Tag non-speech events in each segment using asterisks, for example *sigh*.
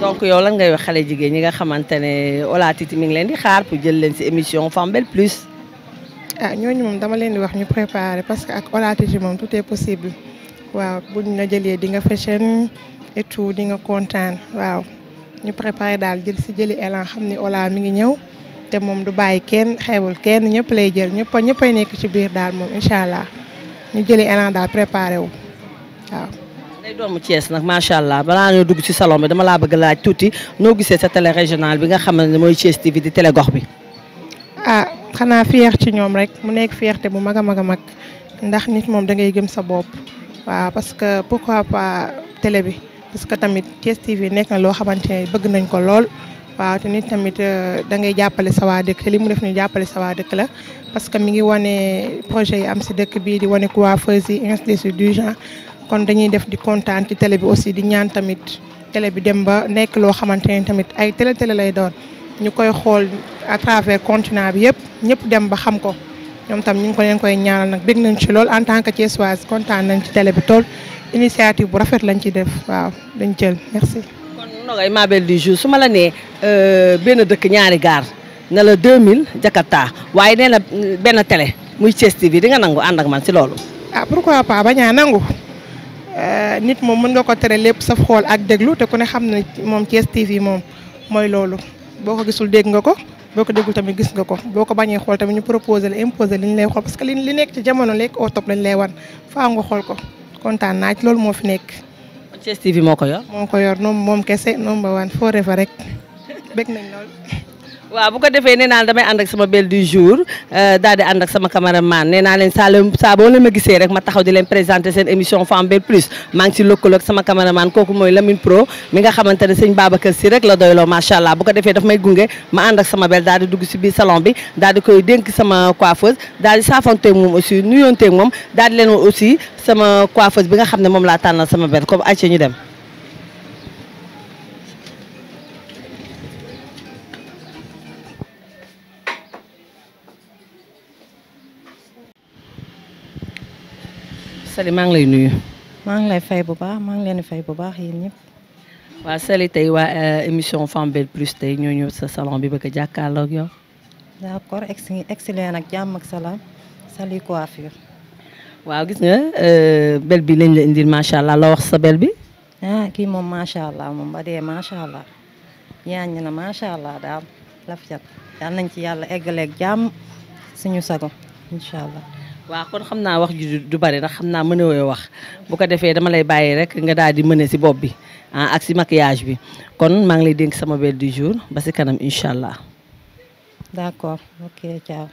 donc yow lan ngay wax xalé jigéen yi nga xamantene wala Titi mi ngi leen di xaar pour jël leen ci émission Femme Plus. ah ñooñu mom dama leen di wax ñu préparer parce que ak wala Titi mom tout est possible waaw buñ na jëlé di nga fashion et tout di nga kontaan waaw ñu préparer dal jël ci jëli élan xamni wala mi ngi ñëw té mom du bayyi kenn xewul kenn ñëpp lay jël ñëpp ay nekk ci biir dal mom inshallah ñu jëli élan dal préparer wu waaw. day doomu nag macha allah balaa ñoo dugg ci salon bi dama laa bëgg laaj tuuti noo gisee sa télé régional bi nga xam ne mooy Thiès TV di télé gox bi. ah xanaa fier ci ñoom rek mu nekk fierté bu mag a mag a mag ndax nit moom da ngay gëm sa bopp waaw parce que pourquoi pas télé bi parce que tamit Thiès TV nekk na loo xamante ne bëgg nañ ko lool. waaw te nit tamit euh, da ngay jàppale sa waa dëkk li mu def ni jàppale sa dëkk la parce que mi ngi wane projet yi am si dëkk bi di wane coiffeuse yi ainsi de suite kon dañuy def di kontaan ci télé bi aussi di ñaan tamit télé bi dem ba nek lo xamanteni tamit ay télé télé lay doon ñukoy xol à travers continent bi yépp ñëpp dem ba xam ko ñom tam ñing ko leen koy ñaanal nak begg nañ ci lool en tant que tiesoise nañ ci télé bi tool initiative bu rafet lañ ci def waaw dañ jël merci. kon nogay maa bel du jour suma ma né euh ben dëkk ñaari gar na la 2000 Jakarta waye né la ben télé muy tiesti bi di nga nangu and ak man ci lool ah pourquoi pas baña nangu. Euh, nit moom mën nga ko tere lépp saf xool ak déglu te ku ne xam ne moom Thiès TV moom mooy loolu boo ko gisul dégg nga ko boo ko déggul tamit gis nga ko boo ko bañee xool tamit ñu proposé la imposé li ñu lay xool parce que li li nekk ci jamono lekk o top lañ lay wan faaw nga xool ko kontaan naa ci loolu moo fi nekk. Thiès TV moo ko yor. moo ko yor moom moom kese number one forever rek bëgg nañ lool. waaw bu ko defee nee naa damay ànd ak sama belle du jour euh, daal di ànd ak sama cameraman nee naa leen saa leen saa boo leen ma gisee rek ma taxaw di leen présenter seen émission Femme Belle Plus maa ngi ci lëkkaloog sama cameraman kooku mooy Lamine Pro mi nga xamante ne sëñ Babacar si rek la doyloo macha allah bu ko defee daf may gunge ma ànd ak sama belle daal di dugg si biir salon bi daal di koy dénk sama coiffeuse daal di saafanteeg moom aussi nuyoonteeg moom daal di leen aussi sama coiffeuse bi nga xam ne moom laa tànnal sama belle comme ayca ñu dem. Sali mang lay nuyu. mang lay fay bu baax mang ngi leen fay bu baax yeen ñep wa Sali tay wa euh, émission Femme Belle Plus tay ñoo ñu sa salon bi bëgg a jàkkaarloo ak yow. d'accord accord excellent nag jàmm ak salam Sali coiffure. waaw gis nga euh, bel bi lañ la indil macha allah la wax sa bel bi. ah ki mom macha allah moom ba dee macha allah yaañu na macha allah daal laf cat yal nañ ci yàlla eggaleeg jàmm suñu sago inshallah allah. waaw kon xam naa wax ji du bari ndax xam naa mën a wax bu ko defee dama lay bàyyi rek nga daal di mëne si bopp bi ah ak si maquillage bi kon maa ngi lay dénk sama belle du jour ba si kanam incha allah. d'accord ok ciao.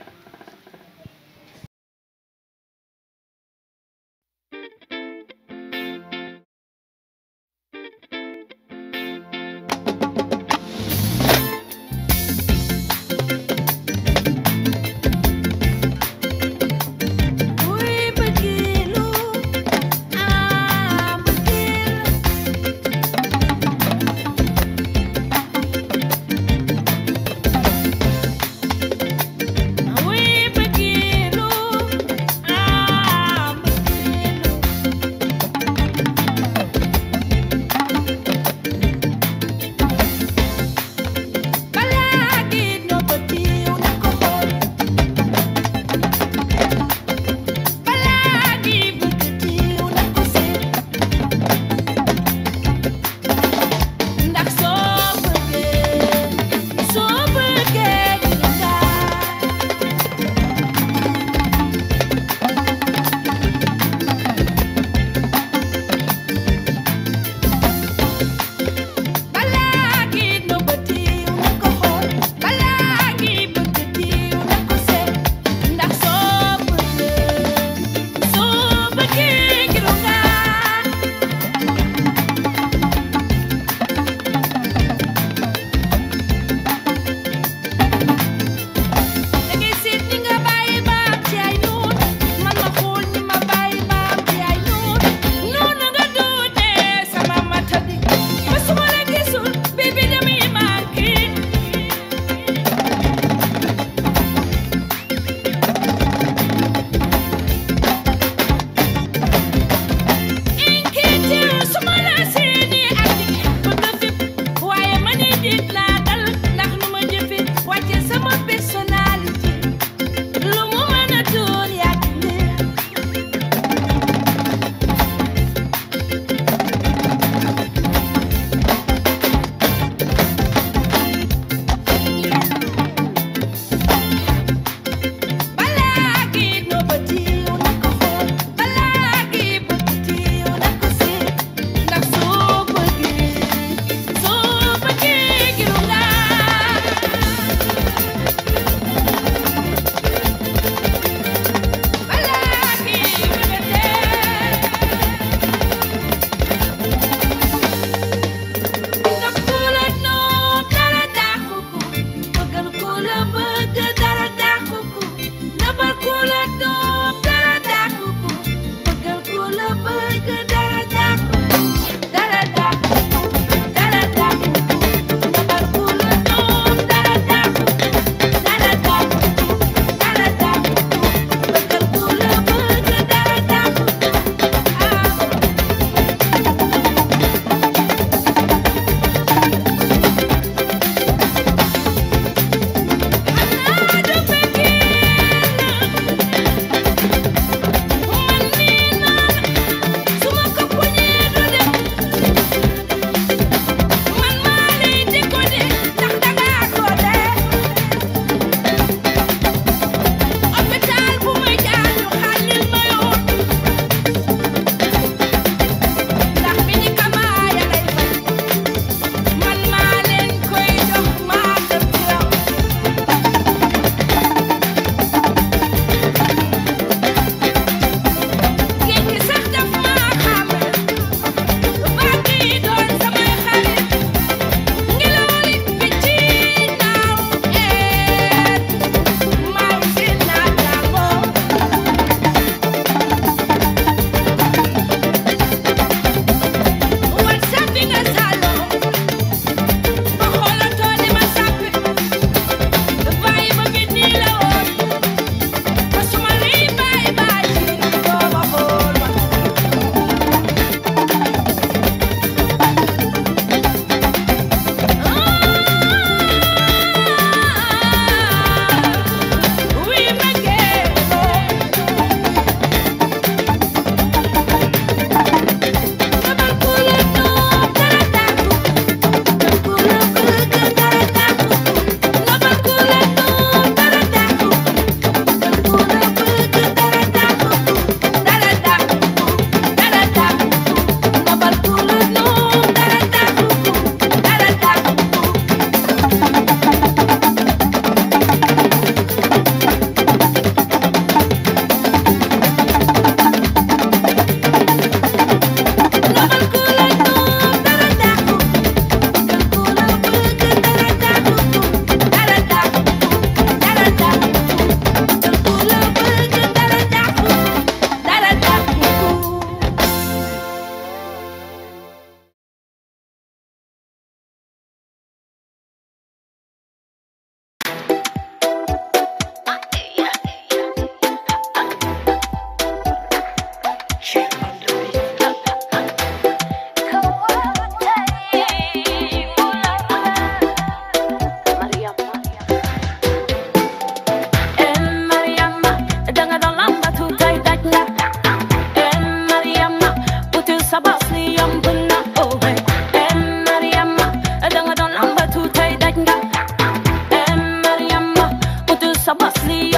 a bus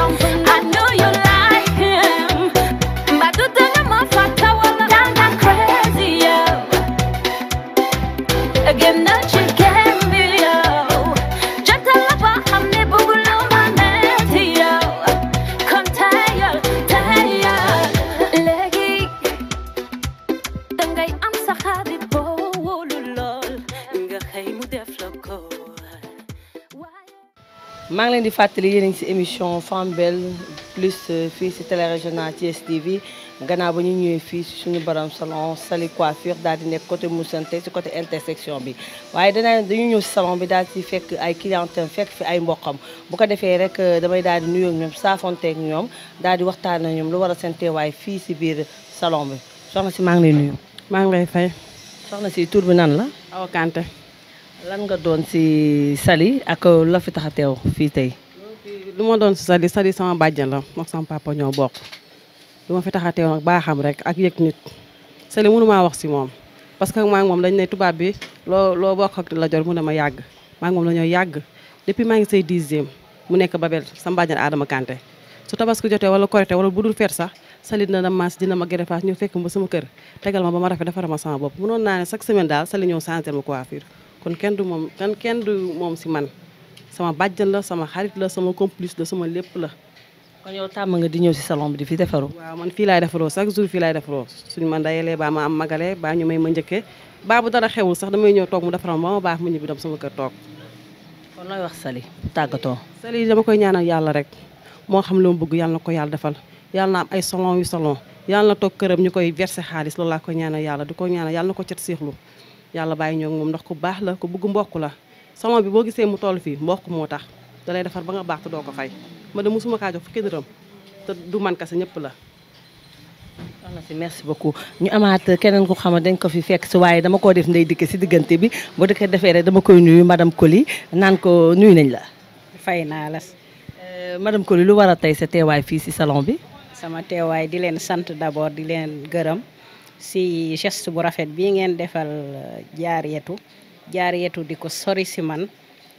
di fàttali yéen a émission Femme Belle plus euh, fii si télé régional Thiès TV gannaaw ba ñu ñëw fi ci suñu borom salon Sali coiffure dal di nek côté Moussante ci côté intersection bi waaye danaa dañu ñëw ci salon bi dal ci fekk ay clientèle fekk fi ay mbokam bu ko défé rek euh, damay dal di nuyoo ak ñoom saafonte ak ñom dal di waxtaan ak ñoom lu wara senté seen fi ci si biir salon bi soxna ci ma ngi lay nuyu. ma ngi lay fay. soxna ci tour bi nan la. Awa Kanté. lan nga doon si Sali ak la fi tax fi tay luma tey doon si Sali Sali sama badjan la mook sama papa ñoo bok luma fi tax nak teew rek ak yek nit Sali mënu ma wax si mom parce que maa ngi moom dañ lay tuba bi lo lo bok ak la jor mu ma yàgg maa ngi moom yag yàgg depuis ma ngi say e mu nek Babel sama badjan Adama Kanté su tabasku joté wala korité wala budul feet sax sali na ma si dina ma gën fa ñu fekk ma sama kër tégal ma ba ma rafet defar ma sama bop mënon na né chaque semaine dal sali ñëw santé ma coiffure kon kenn du mom kan kenn du mom si man sama badjan la sama xarit la sama complice la sama lepp la. kon yow tam nga di ñew si salon bi di fi defaru waaw man fi lay defaroo chaque jour fi lay defaroo suñu man dayele ba ma am magale ba ñu may ma ñëkke ba bu dara xewul sax damay ñew tok mu defaram ba ma baax mu ñibi dem sama kër tok kon lay wax Sali tagato Sali dama koy ñaanal yalla rek mo xam lu mu bëgg yalla nako yalla defal yalla na am ay salon yu salon yalla na kërëm ñukoy verser xaaliss loolu la ko ñaanal yalla ñaanal yalla na ciit cet yàlla bàyyi ñoo moom ndax ku baax la ku bëgg mbokk la salon bi boo gisee mu toll fii mbokk moo tax da defar ba nga baax te doo ko fay ma de mosuma kaa jox fukki dërëm te du man sa ñëpp la. soxna si merci beaucoup ñu amaat keneen ko xam dañ ko fi fekk si waaye dama koo def ndey dikke si diggante bi bu dëkk defee rek dama koy nuyu madame Coly naan ko nuyu nañ la. fay naa la. Euh, madame Coly lu war a tey sa teewaay fii si salon bi. sama teewaay di leen sant d'abord di leen gërëm. si geste bu rafet bi ngeen defal eh, yetu jari yetu diko sori si man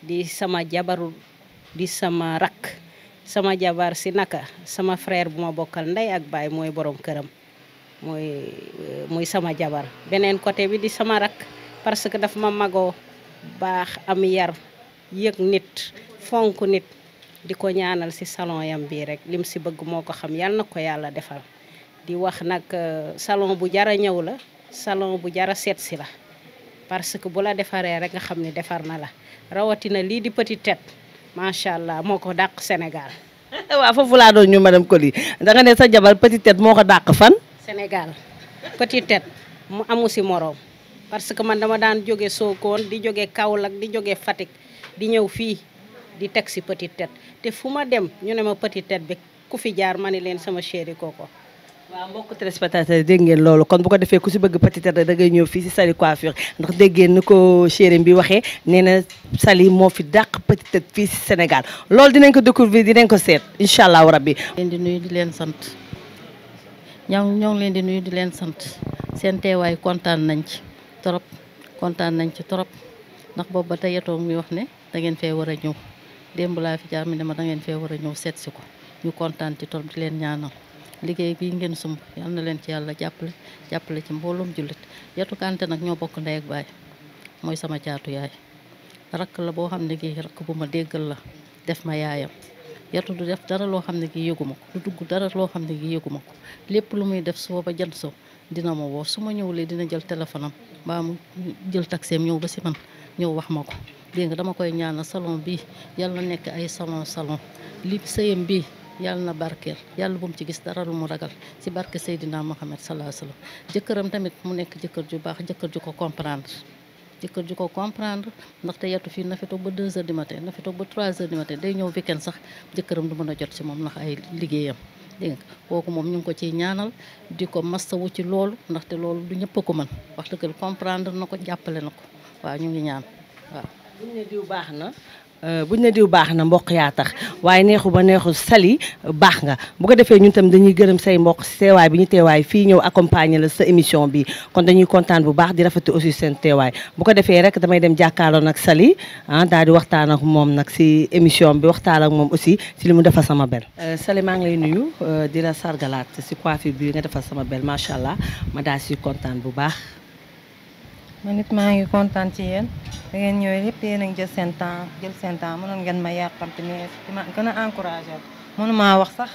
di sama jabaru di sama rak sama jabar si naka sama frère bu bokal bokkal ak bay moy borom kërëm moy eh, moy sama jabar benen côté bi di sama rak parce que daf ma mago bax am yar yek nit fonk nit diko ñaanal si salon yam bi rek lim ci bëgg moko ko xam yalla nako yalla defal di wax nak euh, salon bu jara ñew la salon bu jara set si la parce que bu la défaré rek nga xamni défar na la na li di Petite Tête machallah moko moo Sénégal. *laughs* wa fofu la do ñu madame Coly da nga né sa jabal Petite Tête moko ko fan. Sénégal Petite Tête mu amu si moroom parce que man dama daan joggé Sokone di joggé kaolak di joggé fatik di ñew fi di teg si Petite Tête te fuma dem ñu ne ma Petite Tête bi ku fi jaar mané len sama chéri koko waaw mbokk téléspectateur dégg ngeen loolu kon bu ko defee ku si bëgg Petite Reine da ngay ñëw fii si Saly coiffure ndax dégg ngeen ni ko chérim bi waxee nee na Saly moo fi dàq Petite Reine fii si Sénégal loolu dinañ ko découvrir dinañ ko seet allahu rabbi leen di nuyu di leen sant ñoo ñoo ngi leen di nuyu di leen sant seen teewaay kontaan nañ ci trop kontaan nañ ci trop ndax boobu ba tey yetoo ya mi wax ne da ngeen fee war a ñëw démb laa fi jaar mi ne ma da ngeen fee war a ñëw seet si ko ñu kontaan ci trop di leen ñaanal liggéey bii ngeen sumb yal na leen ci yàlla jàppale jàppale ci mbooloom jullit Yatou Kanté nag ñoo bokk ndey ak baay mooy sama caatu yaay rakk la boo xam ne kii rakk bu ma déggal la def ma yaayam yatu du def dara loo xam ne kii yëgu ma ko dugg dara loo xam ne kii yëgu ko lépp lu muy def suba ba jant soo dina ma woo su ma ñëwlee dina jël téléphone am mbaa mu jël taxeem ñëw ba si man ñëw wax ma ko dégg dama koy ñaanal salon bi yàlla nekk ay salon salon li sëyam bi yàlla na barkeel yàlla bu mu ci gis dara lu mu ragal si barke Seydina Mohamed salaa salaam jëkkëram tamit mu nekk jëkkër ju baax jëkkër ju ko comprendre jëkkër ju ko comprendre ndaxte yatu fii na ba 2 heures di matin na fi ba trois heures du matin day ñëw weekend sax jëkkëram du mën a jot si moom ndax ay liggéeyam dégg nga kooku moom ñu ngi ko ciy ñaanal di ko mastawu ci loolu ndaxte loolu du ñëpp ko mën wax dëgg comprendre na ko jàppale na ko waa ñu ngi ñaan waaw. baax na bu euh, buñ ne diw baax na mboq yaa tax waaye neexu ba neexu sali euh, baax nga bu ko defee ñun tam dañuy gërëm say mboq si teewaay bi ñu teewaay fii ñëw accompagner la sa émission bi kon dañuy kontaan bu baax di rafet aussi seen teewaay bu ko defee rek damay dem jàkkaarloo nag sali ah di waxtaan ak moom nag si émission bi waxtaan ak moom aussi si li mu defal sama bel euh, sali maa ngi lay nuyu di la sargalaat si coiffure bi nga defal sama bel macha allah ma daal si kontaan bu baax man nit maa ngi kontaan ci yéen da ngeen ñëwee yëpp yéen a ngi jël seen temps jël seen temps mënoon ngeen ma yàqamte mais ma gën a encouragé mënu maa wax sax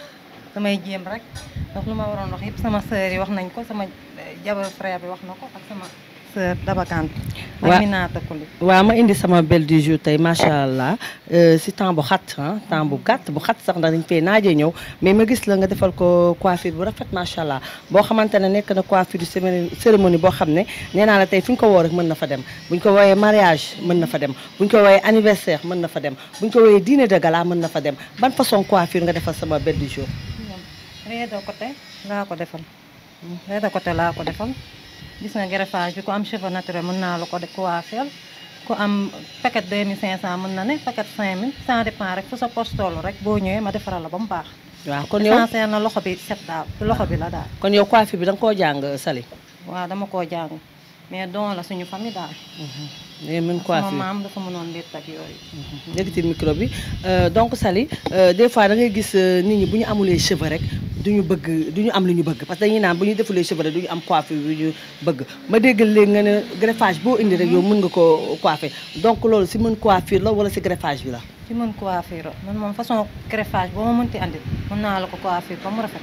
damay jéem rek ndax lu ma waroon wax yëpp sama sœur yi wax nañ ko sama jabar frère bi wax na ko ak sama sœur Dabakane ak Aminata Kouli waaw ma indi sama belle du jour tey macha allah euh, si temps bu xat ah temps bu bu xat sax dañ mais ma gis la nga defal ko coiffure bu rafet macha allah boo xamante na coiffure cérémonie la ko woo rek mën na fa dem buñ ko woowee mariage mën na fa dem buñ ko woowee anniversaire mën na fa dem buñ ko woowee dîner de gala mën na fa dem ban façon coiffure nga defal sama belle du jour. réer de côté laa ko defal côté ko defal. gis nga greffage bi ku am cheveux naturel mën naa la ko coiffeel ku am paquet 2500 mën na ne paquet 5000 ça dépend rek fu sa poche toll rek boo ñëwee ma defaral la ba mu baax. waaw kon yow essentiel na loxo bi set daal loxo bi la daal. kon yow coiffure bi da koo jàng Sali. waa dama koo jàng mais don la suñu famille daal. Mhm. ngeen mën coiffure sama maam dafa mënoon lépp ak yooyu. Mhm. léegi ci micro bi euh, donc Sali euh, des fois da ngay gis euh, nit ñi bu ñu amulee cheveux rek du ñu bëgg du ñu am lu ñu bëgg parce que dañuy naan bu ñu defulee cheveux rek du ñu am coiffure yu ñu bëgg ma dégg léegi nga ne greffage boo indi rek yow mën nga ko coiffer donc loolu si mën coiffure la wala si greffage bi la. si mën coiffure man moom façon greffage boo ma mënti andi mën naa la ko coiffure ba mu rafet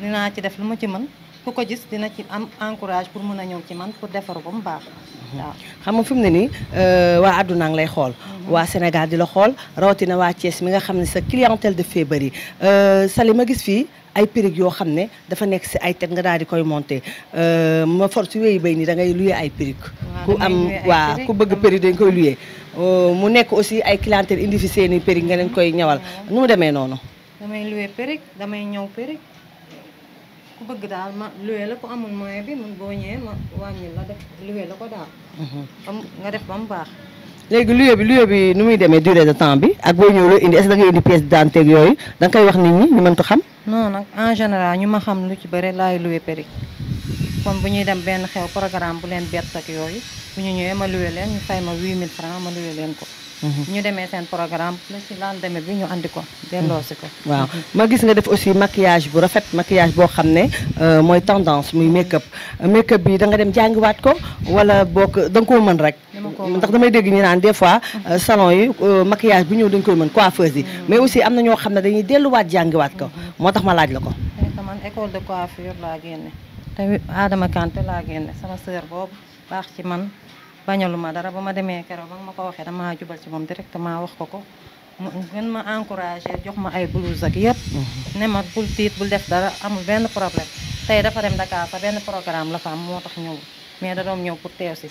dinaa ci def lu ma ci mën. ku ko gis dina ci am encourage pour mën a ñëw ci man pour defaru ba mu baax mhm. waaw xam nga fi mu ne nii euh, waa àdduna ngi lay xool mhm. waa Sénégal di la xool rawatina waa cees mi nga xam ne sa clientèle de fee sa li ma gis fii ay périg yoo xam ne dafa nekk si ay teg nga daal di koy monter euh, ma for si wéyu bay nii da ngay luye ay périg ku am waa ku bëgg périg dañ koy luye euh, mu nekk aussi ay clientèle indi fi seeni périg nga leen koy ñawal nu mu demee noonu ku bëgg daal ma luwe la ku amul mooy bi mun boo ñëwee ma wàññil la def luwe la ko daal. comme nga def ba mu baax. léegi luwe bi luwe bi nu muy demee du de temps bi ak boo ñëw loo indi est-ce que da nga indi pièce yooyu da koy wax nit ñi ñu mën ko xam. non nag en général ñu ma xam lu ci bëri laay luwe péri comme bu ñuy dem benn xew programme bu leen bett ak yooyu bu ñu ñëwee ma luwe leen ñu fay ma 8000 francs ma luwe leen ko. Mm-hmm. ñu demee seen programme la si lendemain bi ñu andi ko delloo si ko mm-hmm. waaw ma gis nga def aussi maquillage bu rafet maquillage boo xam ne euh, mooy tendance muy make up make up bi da nga dem jàngiwaat ko wala bokk da koo mën rek ndax damay dégg ñu naan des fois mm-hmm. euh, salon yi euh, maquillage bu ñëw dañ koy mën coiffeuse yi mais aussi am na ñoo xam ne dañuy delluwaat jàngiwaat ko moo tax ma laaj la ko eh, man école de laa génne te Adama Kanté laa génne sama sœur boobu baax ci man bañalu ma dara ba ma demee keroog ba ma ko waxee damaa jubal ci moom directement wax ko ko mu gën ma encouragé jox ma ay blouse ak yëpp mhm. ne ma bul tiit bul def dara amul benn problème tey dafa dem Dakar sa benn programme la fa am moo tax ñëw mais da doon ñëw pour teew si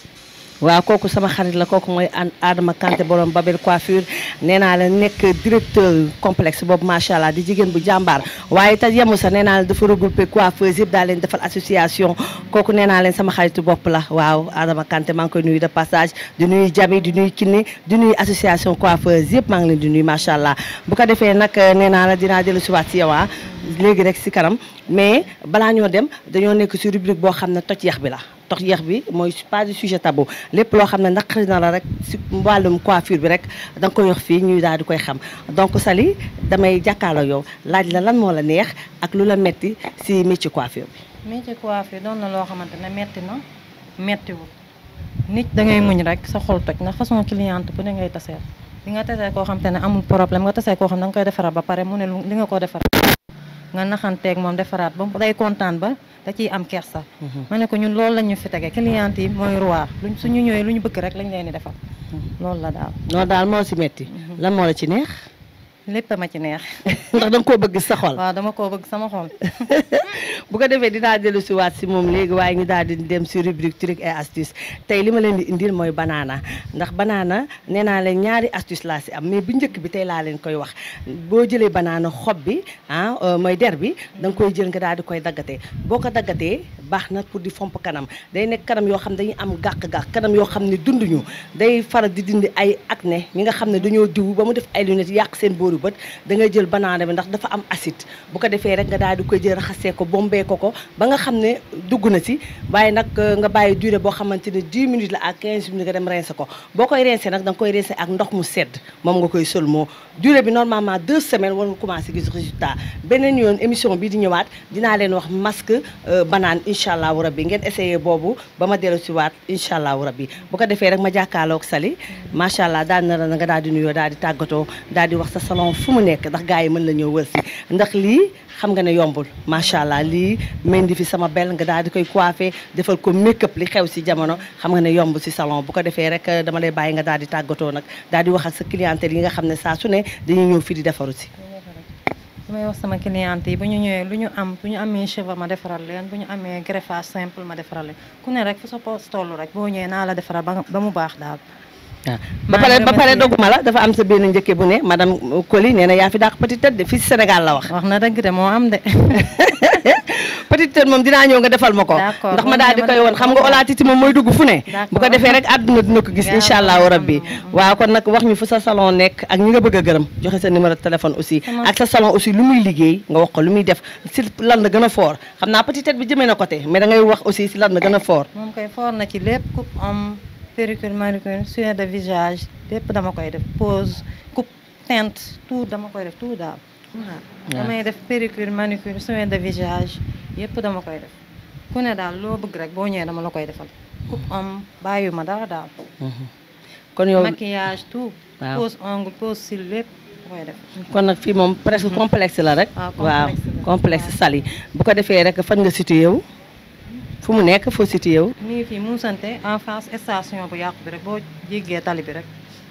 waaw kooku sama xarit la kooku mooy Adama Kanté borom Babel coiffure nee naa la nekk directeur complexe boobu macha allah di jigéen bu jàmbaar waaye te yemu sa nee naa la dafa regroupé coiffeuse yëpp daal leen defal association kooku nee naa leen sama xaritu bopp la waaw Adama Kanté maa ngi koy nuy de passage di nuyu Jami di nuyu Kiné di nuyu association coiffeuse yëpp maa ngi leen di nuyu macha allah bu ko defee nag nee la dinaa jëlu suwaat si yow ah, léegi rek si kanam mais balaa ñoo dem dañoo nekk si rubrique boo xam ne toj yax bi la tox yeex bi moy pas du sujet tabou lepp lo xamne ne naqari na la rek ci wàllum coiffure bi rek dang koy wax fi ñuy daal di koy xam donc Sali damay jakkalo yow laaj la lan mo la neex ak lula metti ci métier coiffure bi. métier coiffure don na lo xamantene metti na metti wu nit da ngay muñ rek sa xol toj na façon cliente bu ne ngay taseel li nga tasee ko xamantene amul problème nga tasee ko xam dang koy defara ba pare mu ne li nga ko defar nga naxanteeg moom defaraat ba day kontaan ba da ciy am kersa. ma ne ko ñun loolu lañ ñu fi tege client yi mooy roi luñ ñu ñëwee lu ñu bëgg rek lañ leen di defal. Mm-hmm. loolu la daal. loolu daal moo si metti mm-hmm. lan moo la ci neex. lépp ma ci neex. *laughs* ndax da nga koo bëgg sa xol. waaw dama koo bëgg sama xol. *laughs* bu ko defee dinaa dellu si waat si moom léegi waaye ñu daal di dem si rubrique truc et astuce tey li ma leen di indil mooy banaana ndax banaana nee naa leen ñaari astuce laa si am mais bu njëkk bi tey laa leen koy wax boo jëlee banaana xob bi ah euh, mooy der bi da nga koy jël nga daal di koy daggatee boo ko daggatee baax na pour di fomp kanam day nekk kanam yoo xam dañuy am gàq-gàq kanam yoo xam ne dunduñu day faral di dindi ay acné ñi nga xam ne dañoo diw ba mu def ay lunettes yàq seen bóori kuy bët da ngay jël banaana bi ndax dafa am acide bu ko defee rek nga daal di koy jël raxasee ko bombee ko ko ba nga xam ne dugg na si waaye nag euh, nga bàyyi durée boo xamante ne 10 minutes la ak 15 minutes nga dem rincé ko boo koy rincé nag danga nga koy rincé ak ndox mu sedd moom nga koy moo durée bi normalement 2 semaines war nga commencé gis résultat beneen yoon émission bi di ñëwaat dinaa leen wax masque euh, banaan incha allahu rabbi ngeen essayé boobu ba ma dellu si waat incha allahu rabbi bu ko defee rek ma jàkkaarloog Sali macha allah daal na la nga daal di nuyoo daal di tàggatoo daal di wax sa xaw fu mu nekk ndax gars yi mën la ñoo wër si ndax lii xam nga ne yombul macha allah lii mendi fi sama bel nga daal di koy coiffé defal ko make-up li xew si jamono xam nga ne yomb si salon bu ko defee rek euh, dama lay bàyyi nga daal di tàggatoo nag daal di wax sa clientèle yi nga xam ne saa su ne dañuy ñëw fii di defaru si damay wax sama cliente yi bu ñu ñëwee lu ñu am bu ñu amee cheveux ma defaral leen bu ñu amee greffage simple ma defaral leen ku ne rek fu sa poche toll rek boo ñëwee naa ba mu waaw ba pare ba pare doguma la dafa am sa benn njëkke bu ne madame Coly nee na yaa fi dàq petite de fii Sénégal la wax. wax na dëgg de moo am de. *laughs* petite moom dinaa ñëw nga defal ma ko. ndax ma daal di koy woon xam nga Ola Titi moom mooy dugg fu ne. bu ko defee rek àdduna dina ko gis incha allahu rabbi. waaw kon nag wax ñu fu sa salon nekk ak ñi nga bëgg a gërëm joxe sa numéro de aussi. ak sa salon aussi lu muy liggéey nga wax ko lu muy def si lan la gën a xam naa petite bi jëmee na côté mais da ngay wax aussi si lan la gën a fort. moom koy fort na perikirmarikun da visage depo da makoida pose cup tente, tudo da makoida tudo ah, da é. ama da perikirmarikun suya da visage depo da makoida kuna da lobo greg bonya da makoida fal cup da kon yow maquillage tout pose ongle pose silhouette kon nag fii um presque complexe la rek complexo né? ah, complexe né? ah. sali boca de defee que fan nga situé yow fu mu nekk foo situé wu. mi ngi fii mu sante en face station bu yàqu bi rek boo jéggee tali bi rek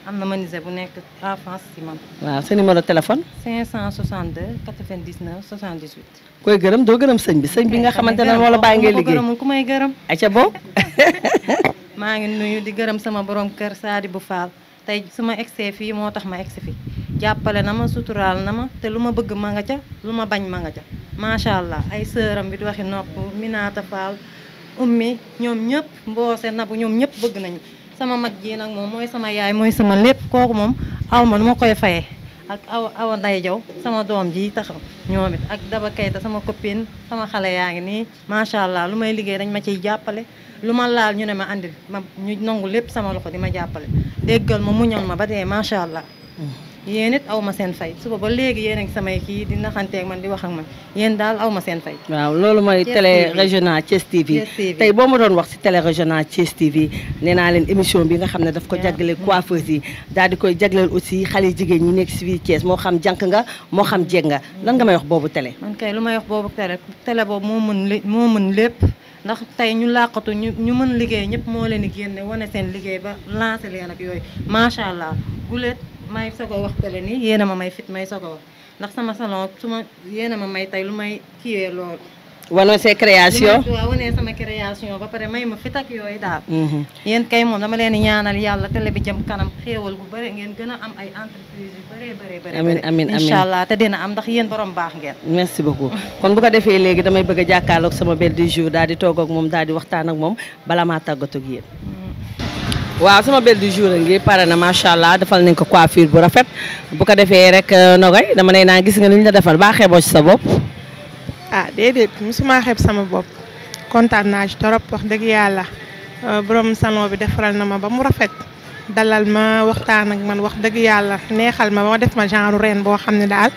am na menuisier bu nekk en face si man. waaw sa numéro téléphone. 562 99 78. koy gërëm doo gërëm sëñ bi sëñ bi nga xamante ne moo la bàyyi ngay liggéey ku may gërëm. acca boobu. *laughs* maa ngi nuyu di gërëm sama borom kër bu faal tey su ma egsee fii moo tax ma egsi fi jàppale na ma suturaal na ma te lu ma bëgg ma nga ca lu ma bañ ma nga ca macha allah ay sëram bi di waxi nopp ummi ñoom ñëpp mboo na bu ñoom ñëpp bëgg nañu sama mag ji nag moom mooy sama yaay mooy sama lépp kooku moom aw ma ma koy fayee ak aw awa nday jaw sama doom ji taxaw ñoom ak daba kayta sama copine sama xale yaa ngi nii macha allah lu may liggéey dañ ma ciy jàppale lu ma laal ñu ne ma andil ma ñu nongu lépp sama loxo di ma jàppale déggal ma muñal ma ba dee macha allah yéen it aw ma seen fay suba ba léegi yéen ak samay kii di naxanteeg man di wax ak man yéen daal aw ma seen fay. waaw loolu mooy télé régional Thiès TV. tey boo ma doon wax si télé régional Thiès TV nee naa leen émission bi nga xam ne daf ko jagleel coiffeuse yi daal di koy jagleel aussi xale jigéen ñi nekk si biir Thiès moo xam jànk nga moo xam jeeg nga lan nga may wax boobu télé. man kay lu may wax boobu télé télé boobu moo mën moo mën lépp. ndax tey ñu làqatu ñu ñu mën liggéey ñëpp moo leen di génne wane seen liggéey ba lancé leen ak yooyu macha allah may soog a wax tele ni yéen a ma may fit may soog wax ndax sama salon su ma yéen ma may tey lu may kiiwee loolu. wanoo see création waaw sama création ba pare may ma fit ak yooyu daal. Mhm. yéen kay moom dama leen di ñaanal yàlla télé bi jëm kanam xéewal bu bëri ngeen gën a am ay entreprise yu bëree bëri bëri. amiin amiin amiin te dina am ndax yéen borom baax ngeen. merci beaucoup kon bu ko defee léegi damay bëgg a jàkkaarloog sama belle di jour daal di toog ak moom daal di waxtaan ak moom bala maa tàggatoo ak waaw sama belle du jour ngi pare na macha allah defal nañ ko coiffure bu rafet bu ko defee rek nogay dama ne naa gis nga li ñu la defal baa xeeboo ci sa bopp. ah déedéet musuma xeeb sama bopp kontaan naa ci torop wax dëgg yàlla borom salon bi defaral na ma ba mu rafet dalal ma waxtaan ak man wax dëgg yàlla neexal ma ba ma def ma genre ren boo xam ne daal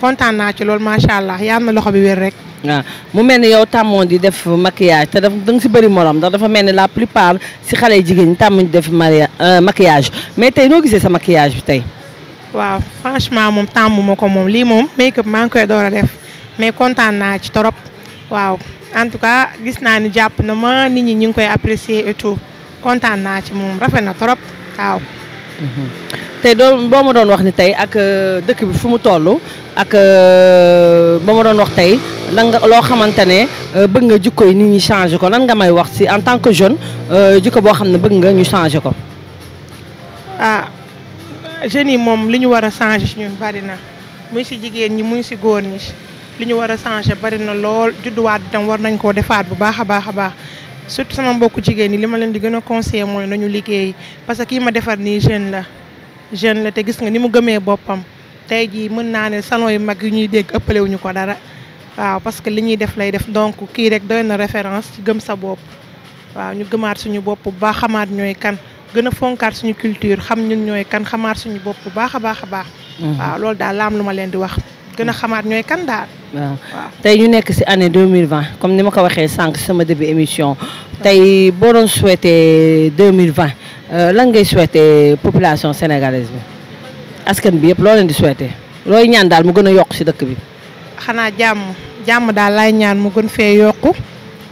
kontaan naa ci loolu macha allah yàlla na loxo bi wér rek. Eu ah, mu mel ni yow tàmmoon di def maquillage te daf mundo nga si bëri morom ndax dafa mel ni la plupart si xale jigéen ñi tàmmuñ def maria euh, maquillage mais tey noo gisee sa maquillage bi tey. waaw franchement moom tàmmu ma ko moom lii moom make up maa ngi koy door a def mais kontaan naa ci tout cas na ma nit ñi ñu ngi koy apprécier et tout kontaan naa ci moom rafet na torop te doon boo ma doon wax ni tey ak euh, dëkk bi fu mu toll ak euh, ba ma doon wax tey lan nga loo xamante ne euh, bëgg nga jikko yi nit ñi changé ko lan nga may wax si en tant que jeune jikko boo xam ne bëgg nga ñu changé ko. ah jeunes yi moom li ñu war a changé si ñun bari na muy si jigéen ñi muy si góor ñi li ñu war a changé bari na lool judduwaat bi war nañ koo defaat bu baax a baax a baax. surtout sama mbokku jigéen ñi li ma leen di gën a conseiller mooy nañu liggéey parce que kii ma defar nii jeune la jeune la te gis nga ni mu gëmee boppam tey jii mën naa ne salon yu mag yu ñuy dégg ëppale ko dara waaw parce que li ñuy def lay def donc kii rek doy na référence ci gëm sa bopp waaw ñu gëmaat suñu bopp bu baax xamaat ñooy kan gën a fonkaat suñu culture xam ñun ñooy kan xamaat suñu bopp bu baax a baax mm-hmm. waaw loolu daal laam lu ma leen di wax gën a xamaat ñooy kan daal. waaw tey ñu nekk ci mille 2020 comme ni ma ko waxee sànq sama début émission tey boo doon souhaité 2020 euh, lan ngay souhaité population sénégalaise askan bi yëpp loo leen di souhaité looy ñaan daal mu gën a yokk ci dëkk bi. xanaa jàmm jàmm daal laay ñaan mu gën fee yokku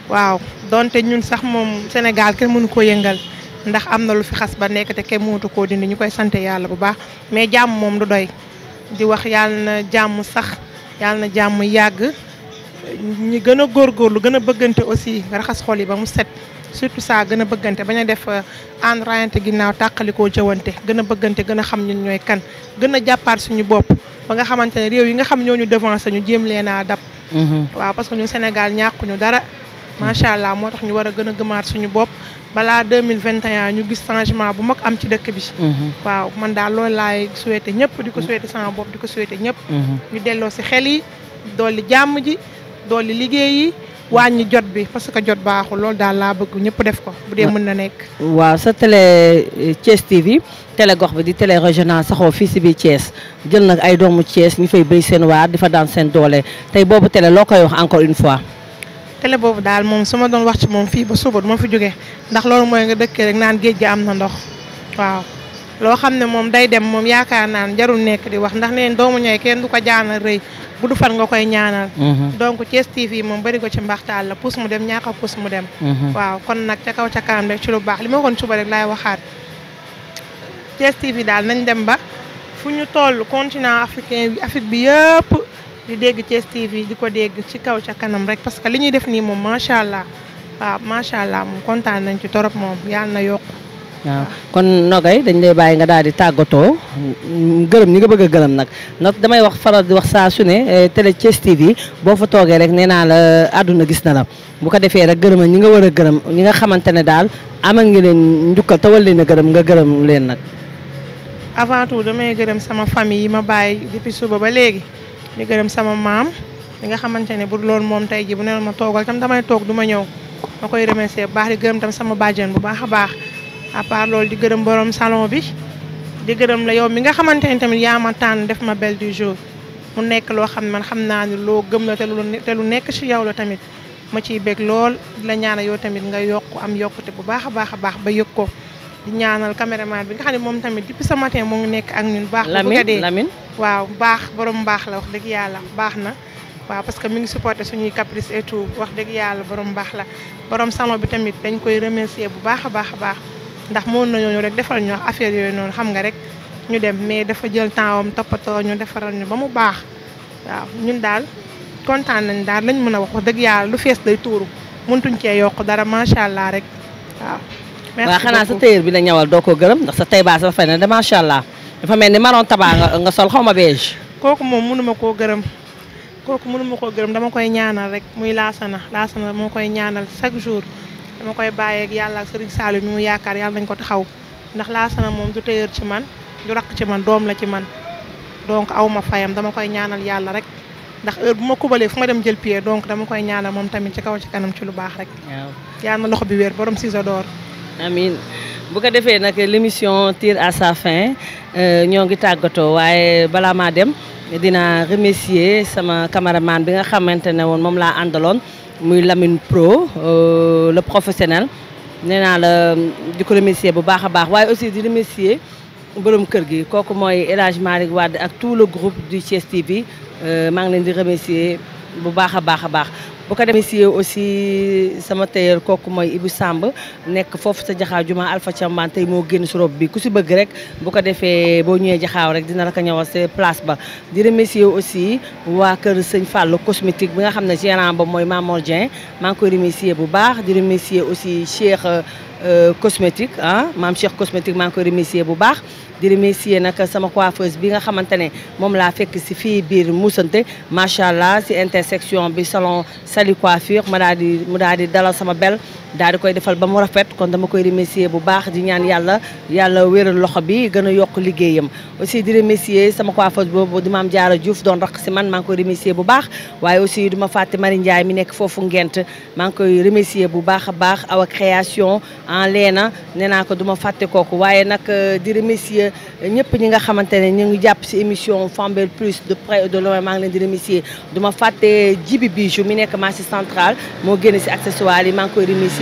waaw donte ñun sax moom Sénégal kenn mënu koo yëngal ndax am na lu fi xas ba nekk te kenn mënatu koo dindi ñu koy sant yàlla bu baax mais jàmm moom du doy. di wax yàlla na jàmm sax yàlla na jàmm yàgg ñi gën a góorgóorlu gën a bëggante aussi raxas xol yi ba mu set surtout saa gën a bëggante bañ a def euh, ànd rayante ginnaaw tàqalikoo jëwante gën a bëggante gën a xam ñun ñooy kan gën a jàppaat suñu bopp ba nga xamante ne réew yi nga xam ñoo ñu devancé ñu jéem leen a dab. Mm-hmm. waaw parce que ñun ñàkkuñu dara. macha allah tax ñu wara gëna gëmaat suñu bopp balaa 2021 ñu gis changement bu mag am ci dëkk bi mhm. waaw man daal loolu laay souhaité ñëpp diko ko mhm. souhaité sama bop diko ko souhaité ñëpp mhm. ñu delloo ci xel yi doli jamm ji doli liggéey yi wàññi jot bi parce que jot baaxu loolu daal la bëgg ñëpp def ko bu dee mën na nekk. waaw sa télé euh, Thiès TV télé gox bi di télé régional saxoo fii si biir Thiès jël nag ay doomu Thiès ñu fay béy seen waar di fa daan seen doole tey boobu télé loo koy wax encore une fois. télé boobu daal moom su ma doon wax ci moom fii ba suba du ma fi jóge ndax loolu mooy nga dëkkee rek naan géej gi am na ndox waaw loo xam ne moom day dem moom yaakaar naan jarul nekk di wax ndax neen doomu ñooy kenn du ko jaanal rëy bu du nga koy ñaanal mm-hmm. donc Thiès TV moom bëri ko ci mbaxtaal la pus mu dem ñaaka pus mu dem mm-hmm. waaw kon nag ca kaw ca kanam rek ci lu baax li ma waxoon suba rek laay waxaat Thiès TV daal nañ dem ba fu ñu toll continent africain Afrique bi yëpp di dégg Thiès TV di ko dégg ci kaw ca kanam rek parce que li ñuy def nii moom macha allah waaw macha allah moom kontaan nañ ci torop moom yàlla na yokk. waaw kon Nogay dañ lay bàyyi nga daal di tàggatoo gërëm ñi nga bëgg a gërëm nag ndax damay wax faral di wax saa su ne eh, télé Thiès TV boo fa toogee rek nee naa la eh, àdduna gis na la bu ko defee rek gërëmal ñi nga war a gërëm ñi nga xamante ne daal amal ngi leen njukkal tawal leen a gërëm nga gërëm leen nag. avant tout damay gërëm sama famille yi ma bàyyi depuis suba ba léegi. di gërëm sama maam li nga xamante ne bu lool moom tey ji bu ne ma toogal tam damay toog du ñëw ma koy remercier bu baax di gërëm tam sama bàjjen bu baax a baax à part loolu di gërëm borom salon bi di gërëm la yow mi nga xamante ne tamit yaa ma tànn def ma belle du jour mu nekk loo xam ne man xam naa ni loo gëm la te lu te lu nekk ci yow la tamit ma ciy bég lool la ñaanal yow tamit nga yokk am yokkute bu baax a baax a baax ba yëg ko di ñaanal caméraman bi nga xam ne moom tamit depuis ce matin moo ngi nekk ak ñun. baax bu ko dee Lamine waaw baax borom baax la wax dëgg yàlla baax na. waaw parce que mi ngi supporté suñuy caprice et tout wax dëgg yàlla borom baax la borom salon bi tamit dañ koy remercier bu baax a baax a baax ndax mën nañoo ñëw rek defal ñu affaire yooyu noonu xam nga rek ñu dem mais dafa jël temps am toppatoo ñu defaral ñu ba mu baax waaw ñun daal kontaan nañ daal lañ mën a wax wax dëgg yàlla lu fees day tuuru mëntuñ cee yokk dara macha allah rek waaw. waa xanaa sa tailleur bi na ñawal doo ko gërëm ndax sa tay baa sa fay na de macha allah dafa mel ni maroon taba nga sol xaw ma beige kooku moom mënu ma koo gërëm kooku mënu koo gërëm dama koy ñaanal rek muy laasana laasana moo koy ñaanal chaque jour dama koy bàyyeeg yàlla ak Serigne Saliou mu yaakaar yàlla nañ ko te taxaw ndax laasana moom du tailleur ci man du rakk ci man doom la ci man donc aw ma fayam dama koy ñaanal yàlla rek ndax heure bu ma kubalee fu ma dem jël pied donc dama koy ñaanal tamit ci kaw ci kanam ci lu baax rek. waaw na loxo bi wér borom ciseaux d'or amiin bu ko defee nag l'émission tire à sa fin euh, ñoo ngi tàggatoo waaye balaa maa dem dinaa remercier sama caméraman bi nga xamante ne woon moom laa àndaloon muy Lamine Pro euh, le professionnel nee naa la di remercier bu baax a baax aussi di remercier borom kër gi kooku mooy El Hadj Wade ak tout le groupe du Thiès TV euh, maa ngi leen di remercier bu baax a baax bu ko demee si aussi sama tailleur kooku mooy Ibu Samb nekk foofu sa jaxaaw juma Alpha moo génn si robe bi ku si bëgg rek bu ko defee boo ñëwee jaxaaw rek dina la ko ñëwal sa place ba di remercier aussi waa kër Sëñ fàll cosmétique bi nga xam ne gérant ba mooy Mamor Dieng maa ngi koy remercier bu baax di remercier aussi Cheikh Euh, cosmétique hein, maam Cheikh cosmétique maa ngi remercier bu baax di remercier nak sama coiffeuse bi nga xamante mom la fekk ci fi biir Moussante machallah ci intersection bi salon Sali coiffure ma daal mu daal dalal sama belle daal di koy defal ba mu rafet kon dama koy remercier bu baax di ñaan yàlla yàlla wéral loxo bi gën a yokk liggéeyam aussi di remercier sama coiffeuse boobu di maam Diarra Diouf doon raq si man maa ngi koy remercier bu baax waaye aussi du ma fàtte Marie Ndiaye mi nekk foofu ngent maa ngi koy remercier bu baax a baax awa création en ah leena nee naa ko du ma fàtte kooku waaye nag euh, di remercier ñëpp ñi nga xamante ne ñu ngi jàpp si émission Fambel plus de près de loin maa ngi leen di remercier du ma fàtte Jibi Bijou mi nekk marché central moo génn si accessoire yi maa ngi koy remercier